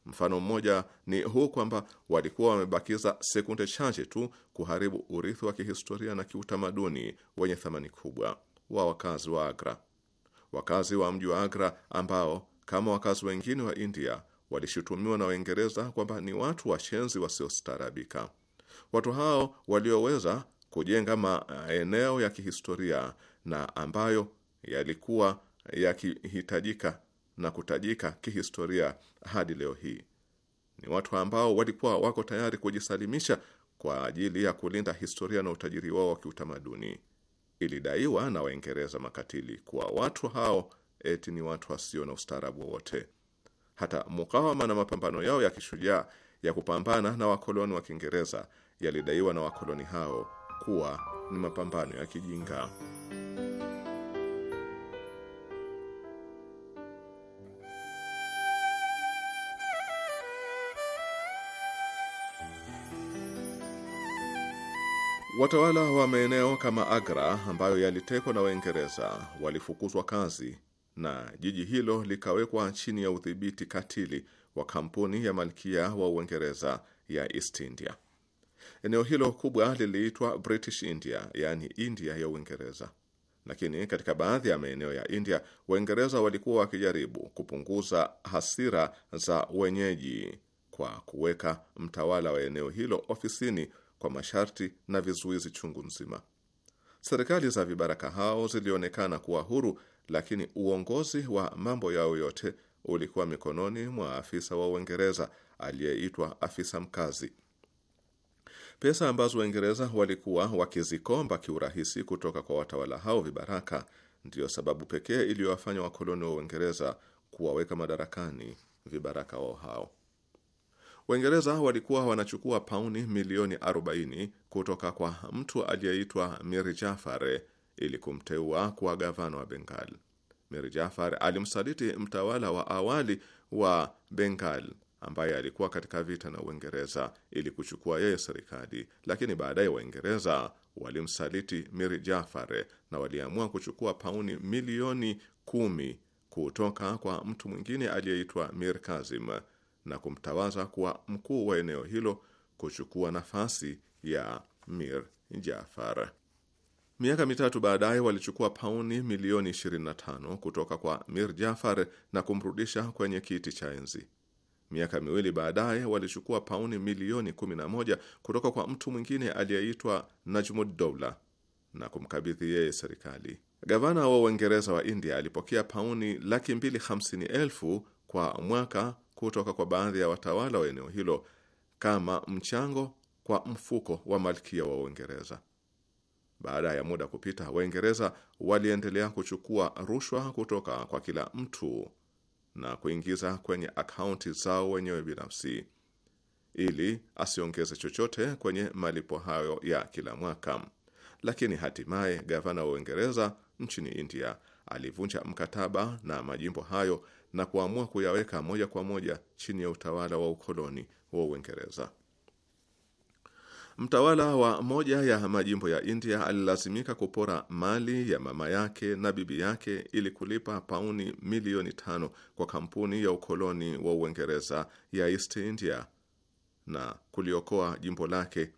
Speaker 1: Mfano mmoja ni huu kwamba walikuwa wamebakiza sekunde chache tu kuharibu urithi wa kihistoria na kiutamaduni wenye thamani kubwa wa wakazi wa Agra. Wakazi wa mji wa Agra ambao kama wakazi wengine wa India walishutumiwa na Waingereza kwamba ni watu washenzi wasiostaarabika. Watu hao walioweza kujenga maeneo ya kihistoria na ambayo yalikuwa yakihitajika na kutajika kihistoria hadi leo hii. Ni watu ambao walikuwa wako tayari kujisalimisha kwa ajili ya kulinda historia na utajiri wao wa kiutamaduni. Ilidaiwa na Waingereza makatili kuwa watu hao eti ni watu wasio na ustaarabu wowote. Hata mukawama na mapambano yao ya kishujaa ya kupambana na wakoloni wa Kiingereza yalidaiwa na wakoloni hao kuwa ni mapambano ya kijinga. Watawala wa maeneo kama Agra ambayo yalitekwa na Waingereza walifukuzwa kazi na jiji hilo likawekwa chini ya udhibiti katili wa kampuni ya malkia wa Uingereza ya East India. Eneo hilo kubwa liliitwa British India, yaani India ya Uingereza. Lakini katika baadhi ya maeneo ya India, Waingereza walikuwa wakijaribu kupunguza hasira za wenyeji kwa kuweka mtawala wa eneo hilo ofisini kwa masharti na vizuizi chungu nzima. Serikali za vibaraka hao zilionekana kuwa huru, lakini uongozi wa mambo yao yote ulikuwa mikononi mwa afisa wa Uingereza aliyeitwa afisa mkazi. Pesa ambazo Waingereza walikuwa wakizikomba kiurahisi kutoka kwa watawala hao vibaraka ndiyo sababu pekee iliyowafanya wakoloni wa Uingereza kuwaweka madarakani vibaraka wao hao. Waingereza walikuwa wanachukua pauni milioni 40 kutoka kwa mtu aliyeitwa Mir Jafar ili kumteua kuwa gavana wa Bengal. Mir Jafar alimsaliti mtawala wa awali wa Bengal ambaye alikuwa katika vita na Uingereza ili kuchukua yeye serikali, lakini baadaye Waingereza walimsaliti Mir Jafar na waliamua kuchukua pauni milioni kumi kutoka kwa mtu mwingine aliyeitwa Mir Kazim na kumtawaza kuwa mkuu wa eneo hilo kuchukua nafasi ya Mir Jafar. Miaka mitatu baadaye walichukua pauni milioni 25 kutoka kwa Mir Jafar na kumrudisha kwenye kiti cha enzi. Miaka miwili baadaye walichukua pauni milioni 11 kutoka kwa mtu mwingine aliyeitwa Najmuddoula na kumkabidhi yeye serikali. Gavana wa Uingereza wa India alipokea pauni laki mbili hamsini elfu kwa mwaka kutoka kwa baadhi ya watawala wa eneo hilo kama mchango kwa mfuko wa malkia wa Uingereza. Baada ya muda kupita, Waingereza waliendelea kuchukua rushwa kutoka kwa kila mtu na kuingiza kwenye akaunti zao wenyewe binafsi ili asiongeze chochote kwenye malipo hayo ya kila mwaka. Lakini hatimaye gavana wa Uingereza nchini India alivunja mkataba na majimbo hayo na kuamua kuyaweka moja kwa moja chini ya utawala wa ukoloni wa Uingereza. Mtawala wa moja ya majimbo ya India alilazimika kupora mali ya mama yake na bibi yake ili kulipa pauni milioni tano kwa kampuni ya ukoloni wa Uingereza ya East India na kuliokoa jimbo lake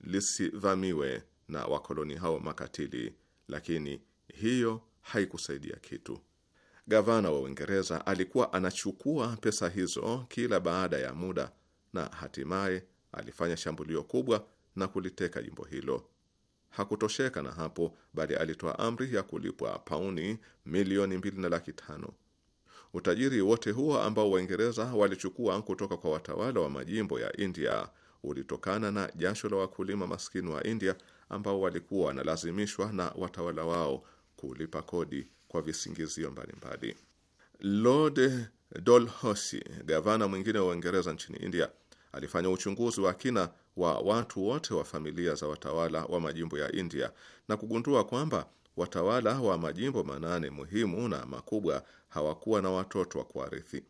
Speaker 1: lisivamiwe na wakoloni hao makatili, lakini hiyo haikusaidia kitu. Gavana wa Uingereza alikuwa anachukua pesa hizo kila baada ya muda, na hatimaye alifanya shambulio kubwa na kuliteka jimbo hilo. Hakutosheka na hapo, bali alitoa amri ya kulipwa pauni milioni mbili na laki tano. Utajiri wote huo ambao Waingereza walichukua kutoka kwa watawala wa majimbo ya India ulitokana na jasho la wakulima maskini wa India ambao walikuwa wanalazimishwa na watawala wao kulipa kodi kwa visingizio mbalimbali. Lord dolhosi gavana mwingine wa Uingereza nchini India, alifanya uchunguzi wa kina wa watu wote wa familia za watawala wa majimbo ya India na kugundua kwamba watawala wa majimbo manane muhimu na makubwa hawakuwa na watoto wa kuarithi.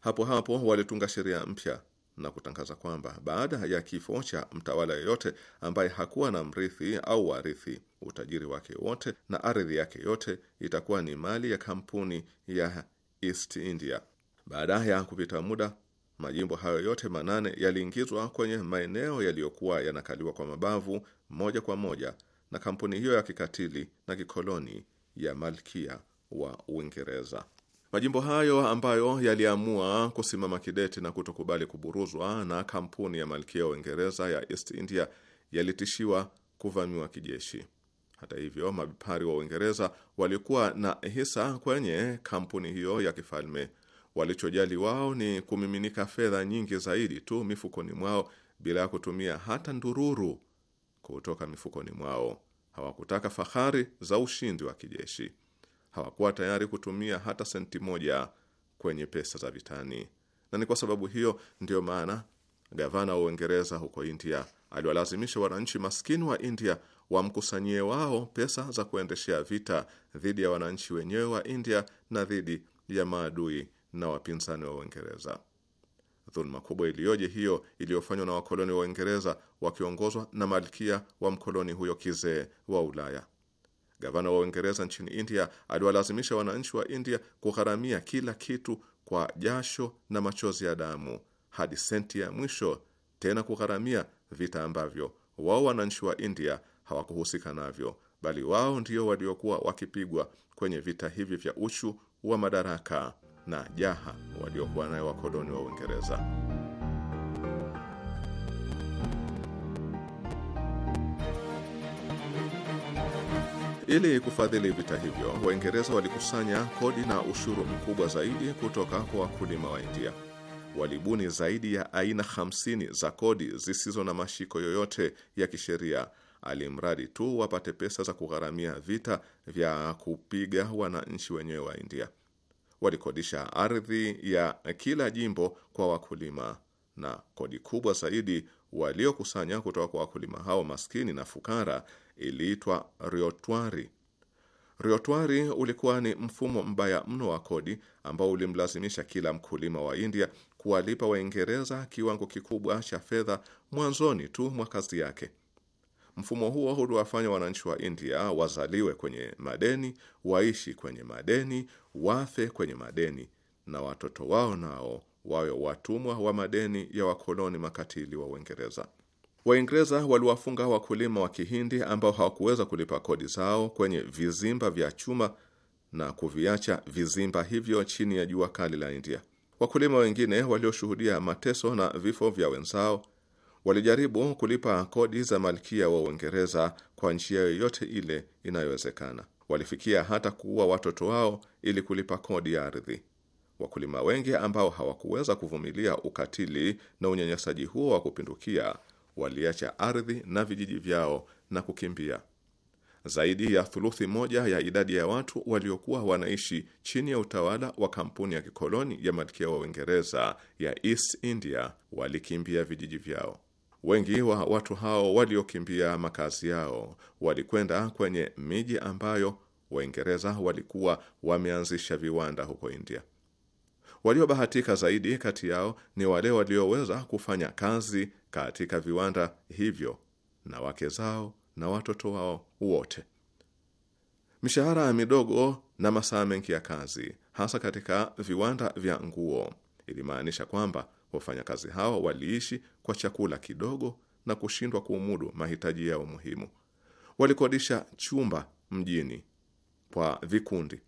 Speaker 1: Hapo hapo walitunga sheria mpya na kutangaza kwamba baada ya kifo cha mtawala yoyote ambaye hakuwa na mrithi au warithi utajiri wake wote na ardhi yake yote itakuwa ni mali ya kampuni ya East India. Baada ya kupita muda, majimbo hayo yote manane yaliingizwa kwenye maeneo yaliyokuwa yanakaliwa kwa mabavu moja kwa moja na kampuni hiyo ya kikatili na kikoloni ya Malkia wa Uingereza. Majimbo hayo ambayo yaliamua kusimama kidete na kutokubali kuburuzwa na kampuni ya Malkia wa Uingereza ya East India yalitishiwa kuvamiwa kijeshi. Hata hivyo, mabepari wa Uingereza walikuwa na hisa kwenye kampuni hiyo ya kifalme. Walichojali wao ni kumiminika fedha nyingi zaidi tu mifukoni mwao bila ya kutumia hata ndururu kutoka mifukoni mwao. Hawakutaka fahari za ushindi wa kijeshi. Hawakuwa tayari kutumia hata senti moja kwenye pesa za vitani, na ni kwa sababu hiyo ndiyo maana gavana wa Uingereza huko India aliwalazimisha wananchi maskini wa India wamkusanyie wao pesa za kuendeshea vita dhidi ya wananchi wenyewe wa India na dhidi ya maadui na wapinzani wa Uingereza. Dhuluma kubwa iliyoje hiyo iliyofanywa na wakoloni wa Uingereza wakiongozwa na malkia wa mkoloni huyo kizee wa Ulaya. Gavana wa Uingereza nchini India aliwalazimisha wananchi wa India kugharamia kila kitu kwa jasho na machozi ya damu hadi senti ya mwisho, tena kugharamia vita ambavyo wao wananchi wa India hawakuhusika navyo, bali wao ndio waliokuwa wakipigwa kwenye vita hivi vya uchu wa madaraka na jaha waliokuwa nayo wakoloni wa Uingereza. Ili kufadhili vita hivyo, Waingereza walikusanya kodi na ushuru mkubwa zaidi kutoka kwa wakulima wa India. Walibuni zaidi ya aina 50 za kodi zisizo na mashiko yoyote ya kisheria alimradi tu wapate pesa za kugharamia vita vya kupiga wananchi wenyewe wa India. Walikodisha ardhi ya kila jimbo kwa wakulima, na kodi kubwa zaidi waliokusanya kutoka kwa wakulima hao maskini na fukara iliitwa riotwari. Riotwari ulikuwa ni mfumo mbaya mno wa kodi ambao ulimlazimisha kila mkulima wa India kuwalipa Waingereza kiwango kikubwa cha fedha mwanzoni tu mwa kazi yake. Mfumo huo uliwafanya wananchi wa India wazaliwe kwenye madeni, waishi kwenye madeni, wafe kwenye madeni, na watoto wao nao wawe watumwa wa madeni ya wakoloni makatili wa Uingereza. Waingereza waliwafunga wakulima wa Kihindi ambao hawakuweza kulipa kodi zao kwenye vizimba vya chuma na kuviacha vizimba hivyo chini ya jua kali la India. Wakulima wengine walioshuhudia mateso na vifo vya wenzao walijaribu kulipa kodi za malkia wa Uingereza kwa njia yoyote ile inayowezekana. Walifikia hata kuua watoto wao ili kulipa kodi ya ardhi. Wakulima wengi ambao hawakuweza kuvumilia ukatili na unyanyasaji huo wa kupindukia waliacha ardhi na vijiji vyao na kukimbia. Zaidi ya thuluthi moja ya idadi ya watu waliokuwa wanaishi chini ya utawala wa kampuni ya kikoloni ya malkia wa Uingereza ya East India walikimbia vijiji vyao. Wengi wa watu hao waliokimbia makazi yao walikwenda kwenye miji ambayo Waingereza walikuwa wameanzisha viwanda huko India. Waliobahatika zaidi kati yao ni wale walioweza kufanya kazi katika viwanda hivyo na wake zao na watoto wao wote. Mishahara midogo na masaa mengi ya kazi, hasa katika viwanda vya nguo, ilimaanisha kwamba Wafanyakazi hawa waliishi kwa chakula kidogo na kushindwa kuumudu mahitaji yao muhimu. Walikodisha chumba mjini kwa vikundi,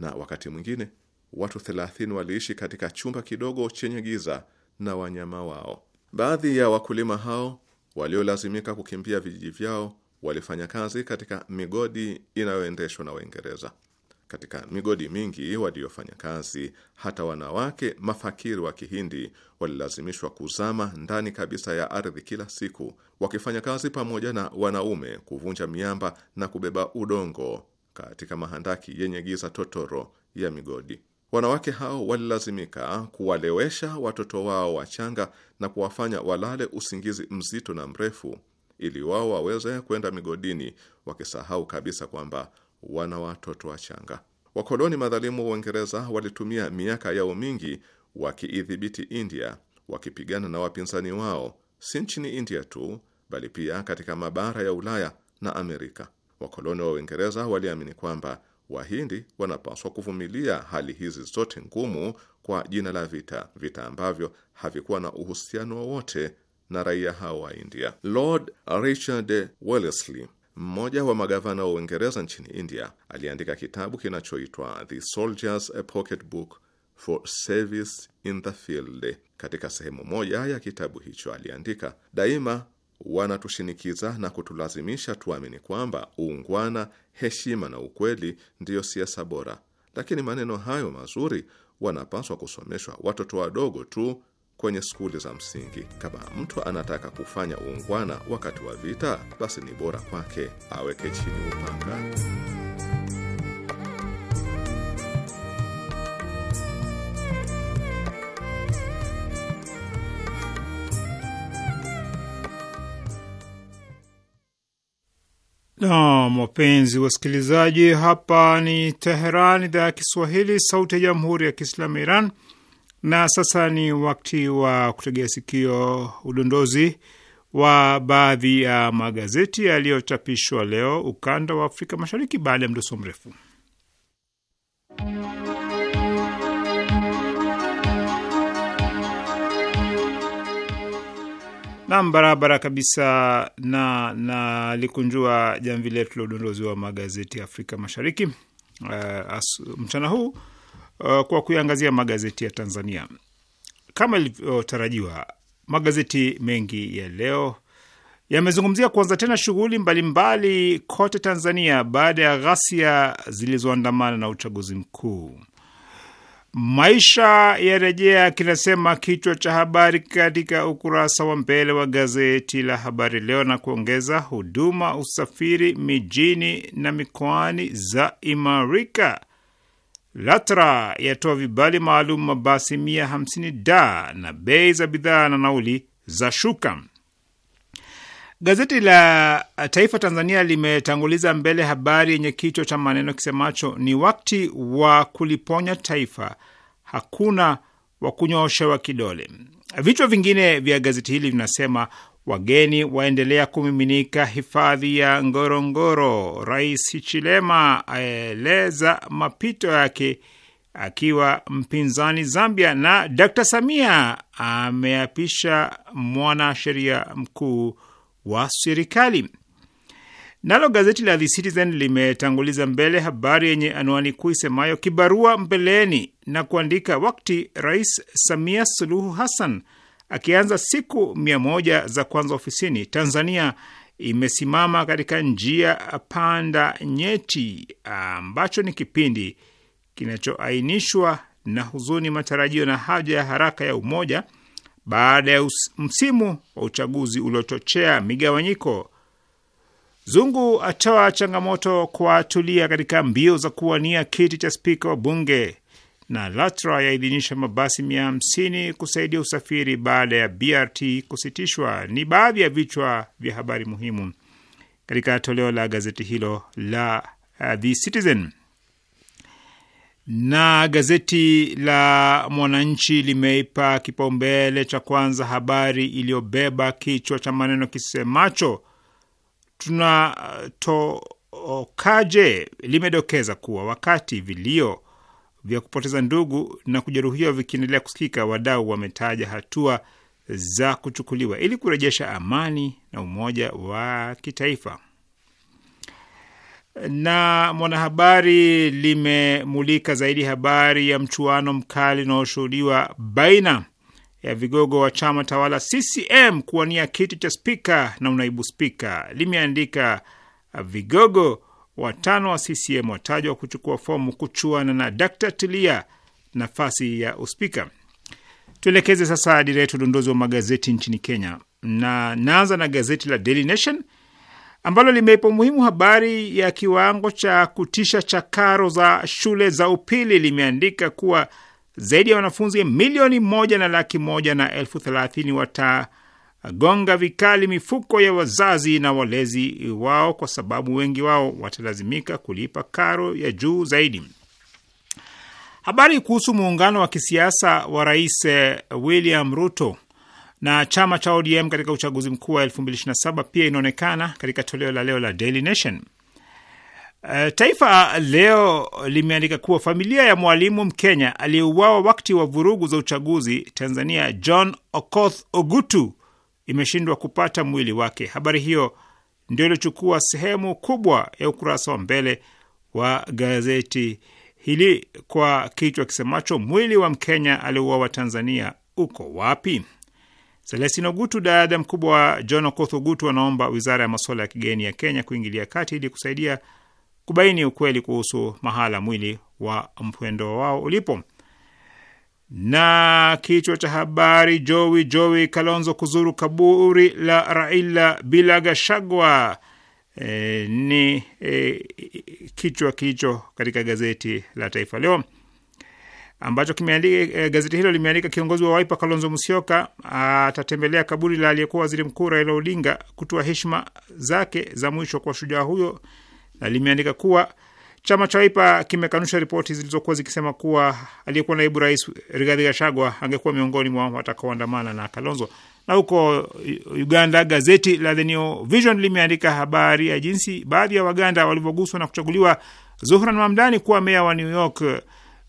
Speaker 1: na wakati mwingine watu thelathini waliishi katika chumba kidogo chenye giza na wanyama wao. Baadhi ya wakulima hao waliolazimika kukimbia vijiji vyao walifanya kazi katika migodi inayoendeshwa na Waingereza. Katika migodi mingi waliofanya kazi, hata wanawake mafakiri wa Kihindi walilazimishwa kuzama ndani kabisa ya ardhi kila siku, wakifanya kazi pamoja na wanaume kuvunja miamba na kubeba udongo katika mahandaki yenye giza totoro ya migodi. Wanawake hao walilazimika kuwalewesha watoto wao wachanga na kuwafanya walale usingizi mzito na mrefu, ili wao waweze kwenda migodini, wakisahau kabisa kwamba wana watoto wachanga. Wakoloni madhalimu wa Uingereza walitumia miaka yao mingi wakiidhibiti India, wakipigana na wapinzani wao, si nchini India tu, bali pia katika mabara ya Ulaya na Amerika. Wakoloni wa Uingereza waliamini kwamba Wahindi wanapaswa kuvumilia hali hizi zote ngumu kwa jina la vita, vita ambavyo havikuwa na uhusiano wowote na raia hao wa India. Lord Richard Wellesley mmoja wa magavana wa Uingereza nchini India aliandika kitabu kinachoitwa The Soldier's Pocket Book for Service in the Field. Katika sehemu moja ya kitabu hicho aliandika, daima wanatushinikiza na kutulazimisha tuamini kwamba uungwana, heshima na ukweli ndiyo siasa bora, lakini maneno hayo mazuri wanapaswa kusomeshwa watoto wadogo tu kwenye skuli za msingi. Kama mtu anataka kufanya uungwana wakati wa vita, basi ni bora kwake aweke chini upanga.
Speaker 3: Nam, wapenzi wasikilizaji, hapa ni Teheran, idhaa ya Kiswahili, sauti ya jamhuri ya kiislamu ya Iran. Na sasa ni wakati wa kutegea sikio udondozi wa baadhi ya magazeti yaliyochapishwa leo ukanda wa Afrika Mashariki baada ya mdoso mrefu. Nam, barabara kabisa na nalikunjua likunjua jamvi letu la udondozi wa magazeti ya Afrika Mashariki uh, mchana huu Uh, kwa kuiangazia magazeti ya Tanzania. Kama ilivyotarajiwa, magazeti mengi ya leo yamezungumzia kuanza tena shughuli mbalimbali kote Tanzania baada ya ghasia zilizoandamana na uchaguzi mkuu. Maisha ya rejea kinasema kichwa cha habari katika ukurasa wa mbele wa gazeti la Habari Leo na kuongeza, huduma usafiri mijini na mikoani za imarika LATRA yatoa vibali maalum mabasi mia hamsini da na bei za bidhaa na nauli za shuka. Gazeti la Taifa Tanzania limetanguliza mbele habari yenye kichwa cha maneno kisemacho ni wakati wa kuliponya taifa, hakuna wa kunyooshewa kidole. Vichwa vingine vya gazeti hili vinasema wageni waendelea kumiminika hifadhi ya Ngorongoro. Rais Chilema aeleza mapito yake akiwa mpinzani Zambia, na d Samia ameapisha mwanasheria mkuu wa serikali. Nalo gazeti la The Citizen limetanguliza mbele habari yenye anwani kuu isemayo kibarua mbeleni na kuandika wakati Rais Samia Suluhu Hassan akianza siku mia moja za kwanza ofisini. Tanzania imesimama katika njia panda nyeti, ambacho ni kipindi kinachoainishwa na huzuni, matarajio na haja ya haraka ya umoja baada ya msimu wa uchaguzi uliochochea migawanyiko. Zungu atoa changamoto kwa Tulia katika mbio za kuwania kiti cha spika wa bunge na LATRA yaidhinisha mabasi mia hamsini kusaidia usafiri baada ya BRT kusitishwa. Ni baadhi ya vichwa vya habari muhimu katika toleo la gazeti hilo la uh, The Citizen na gazeti la Mwananchi limeipa kipaumbele cha kwanza habari iliyobeba kichwa cha maneno kisemacho tunatokaje. Limedokeza kuwa wakati vilio vya kupoteza ndugu na kujeruhiwa vikiendelea kusikika, wadau wametaja hatua za kuchukuliwa ili kurejesha amani na umoja wa kitaifa. Na Mwanahabari limemulika zaidi habari ya mchuano mkali unaoshuhudiwa baina ya vigogo wa chama tawala CCM kuwania kiti cha spika na unaibu spika. Limeandika vigogo watano wa CCM watajwa kuchukua fomu kuchuana na Dkt Tulia nafasi ya uspika. Tuelekeze sasa dira yetu udondozi wa magazeti nchini Kenya, na naanza na gazeti la Daily Nation ambalo limeipa umuhimu habari ya kiwango cha kutisha cha karo za shule za upili. Limeandika kuwa zaidi ya wanafunzi milioni moja na laki moja na elfu thelathini wata gonga vikali mifuko ya wazazi na walezi wao, kwa sababu wengi wao watalazimika kulipa karo ya juu zaidi. Habari kuhusu muungano wa kisiasa wa Rais eh, William Ruto na chama cha ODM katika uchaguzi mkuu wa 2027 pia inaonekana katika toleo la leo la Daily Nation. Uh, Taifa Leo limeandika kuwa familia ya mwalimu Mkenya aliyeuawa wakati wa vurugu za uchaguzi Tanzania, John Okoth Ogutu imeshindwa kupata mwili wake. Habari hiyo ndio iliochukua sehemu kubwa ya ukurasa wa mbele wa gazeti hili kwa kichwa kisemacho mwili wa Mkenya aliuawa Tanzania uko wapi? Celestino Gutu, dada mkubwa wa John Okoth Ogutu, anaomba wizara ya masuala ya kigeni ya Kenya kuingilia kati ili kusaidia kubaini ukweli kuhusu mahala mwili wa mpwendo wao ulipo na kichwa cha habari Jowi Jowi Kalonzo kuzuru kaburi la Raila bila Gashagwa. E, ni e, kichwa kilicho katika gazeti la Taifa Leo ambacho kimeandika e, gazeti hilo limeandika kiongozi wa waipa Kalonzo Musyoka atatembelea kaburi la aliyekuwa waziri mkuu Raila Odinga kutoa heshima zake za mwisho kwa shujaa huyo, na limeandika kuwa Chama cha Waipa kimekanusha ripoti zilizokuwa zikisema kuwa aliyekuwa naibu rais Rigathi Gachagua angekuwa miongoni mwa watakaoandamana na Kalonzo. Na huko Uganda, gazeti la The New Vision limeandika habari ya jinsi baadhi ya Waganda walivyoguswa na kuchaguliwa Zuhran Mamdani kuwa meya wa New York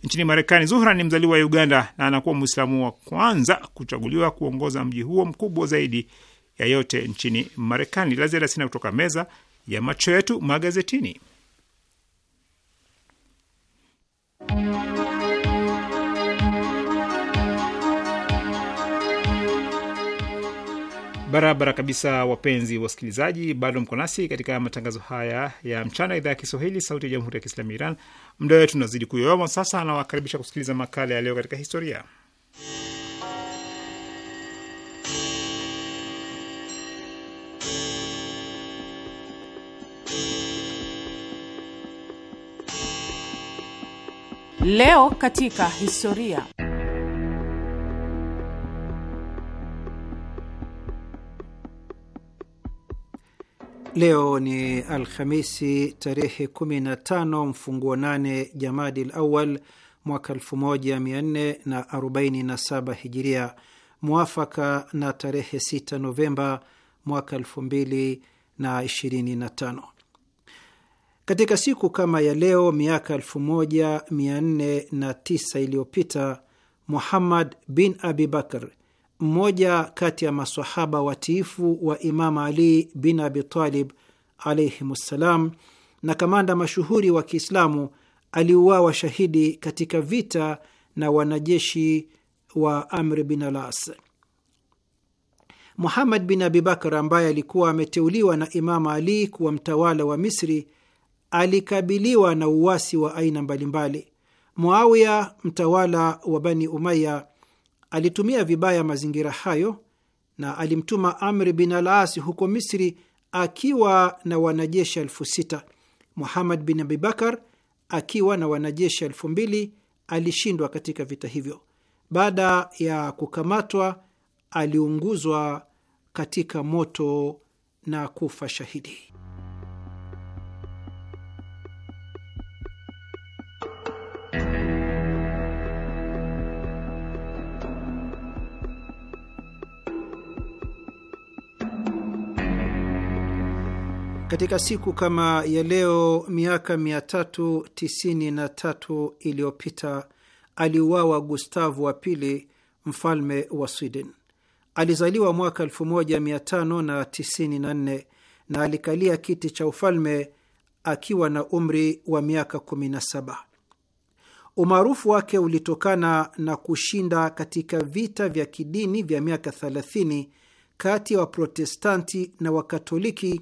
Speaker 3: nchini Marekani. Zuhran ni mzaliwa wa Uganda na anakuwa Mwislamu wa kwanza kuchaguliwa kuongoza mji huo mkubwa zaidi ya yote nchini Marekani. La ziada sina kutoka meza ya macho yetu magazetini. Barabara kabisa, wapenzi wasikilizaji, bado mko nasi katika matangazo haya ya mchana, idhaa ya Kiswahili, sauti ya jamhuri ya kiislamu ya Iran. Muda wetu unazidi kuyoyoma sasa, anawakaribisha kusikiliza makala ya leo katika historia.
Speaker 2: Leo katika historia
Speaker 4: Leo ni Alhamisi tarehe 15 mfunguo 8 Jamadil Awal mwaka 1447 Hijiria, mwafaka na tarehe 6 Novemba mwaka 2025. Katika siku kama ya leo miaka 1409 iliyopita Muhammad bin Abi Bakr mmoja kati ya masahaba watiifu wa Imam Ali bin Abitalib Talib alaihim ssalam, na kamanda mashuhuri wa Kiislamu aliuawa shahidi katika vita na wanajeshi wa Amr bin Alas. Muhammad bin Abi ambaye alikuwa ameteuliwa na Imam Ali kuwa mtawala wa Misri alikabiliwa na uwasi wa aina mbalimbali. Muawiya, mtawala wa Bani Umaya, alitumia vibaya mazingira hayo na alimtuma Amri bin al huko Misri akiwa na wanajeshi elfu sita. Muhammad bin Abibakar akiwa na wanajeshi elfu mbili alishindwa katika vita hivyo. Baada ya kukamatwa, aliunguzwa katika moto na kufa shahidi. Katika siku kama ya leo miaka 393 iliyopita aliuawa Gustavu wa pili, mfalme wa Sweden. Alizaliwa mwaka 1594 na alikalia kiti cha ufalme akiwa na umri wa miaka 17. Umaarufu wake ulitokana na kushinda katika vita vya kidini vya miaka 30 kati ya wa Waprotestanti na Wakatoliki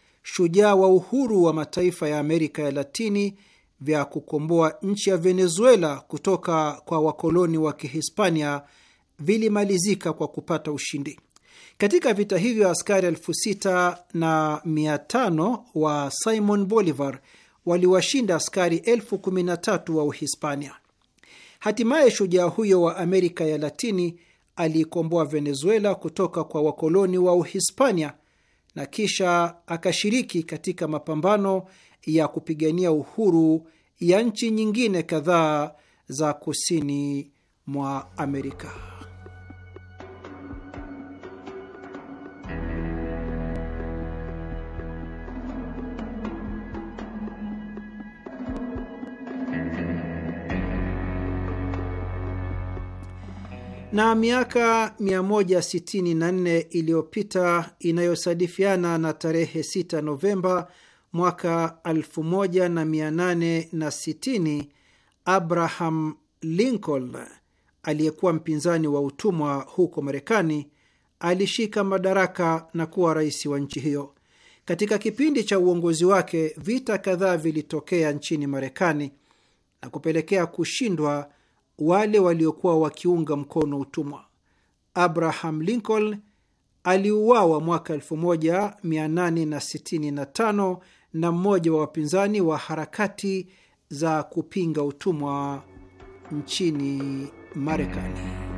Speaker 4: shujaa wa uhuru wa mataifa ya Amerika ya Latini vya kukomboa nchi ya Venezuela kutoka kwa wakoloni wa Kihispania vilimalizika kwa kupata ushindi. Katika vita hivyo askari elfu sita na mia tano wa Simon Bolivar waliwashinda askari elfu kumi na tatu wa Uhispania. Hatimaye shujaa huyo wa Amerika ya Latini aliikomboa Venezuela kutoka kwa wakoloni wa Uhispania na kisha akashiriki katika mapambano ya kupigania uhuru ya nchi nyingine kadhaa za kusini mwa Amerika. na miaka 164 iliyopita inayosadifiana na tarehe 6 Novemba mwaka 1860 Abraham Lincoln aliyekuwa mpinzani wa utumwa huko Marekani alishika madaraka na kuwa rais wa nchi hiyo. Katika kipindi cha uongozi wake, vita kadhaa vilitokea nchini Marekani na kupelekea kushindwa wale waliokuwa wakiunga mkono utumwa. Abraham Lincoln aliuawa mwaka 1865 na mmoja wa wapinzani wa harakati za kupinga utumwa nchini Marekani.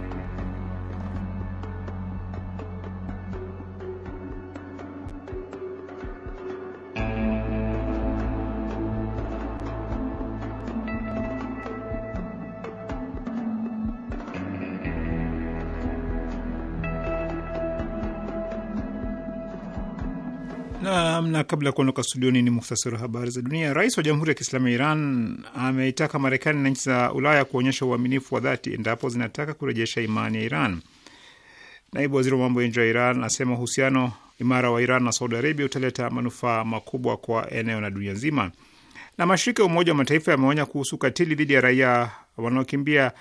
Speaker 3: Naam, na kabla ya kuondoka studioni ni muhtasari wa habari za dunia. Rais wa Jamhuri ya Kiislamu ya Iran ameitaka Marekani na nchi za Ulaya kuonyesha uaminifu wa dhati endapo zinataka kurejesha imani ya Iran. Naibu waziri wa mambo ya nje wa Iran asema uhusiano imara wa Iran na Saudi Arabia utaleta manufaa makubwa kwa eneo na dunia nzima. Na mashirika ya Umoja wa Mataifa yameonya kuhusu katili dhidi ya raia wanaokimbia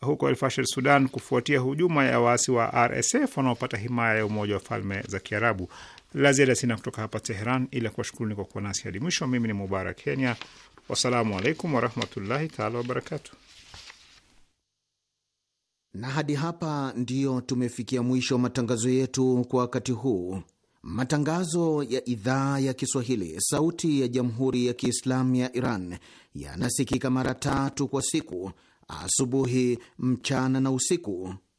Speaker 3: huko El Fasher, Sudan, kufuatia hujuma ya waasi wa RSF wanaopata himaya ya Umoja wa Falme za Kiarabu. La ziada sina kutoka hapa Teheran, ila kuwashukuruni kwa kuwa nasi hadi mwisho. Mimi ni Mubarak Kenya, wassalamu alaikum warahmatullahi taala wabarakatu.
Speaker 5: Na hadi hapa ndiyo tumefikia mwisho wa matangazo yetu kwa wakati huu. Matangazo ya idhaa ya Kiswahili sauti ya jamhuri ya Kiislamu ya Iran yanasikika mara tatu kwa siku: asubuhi, mchana na usiku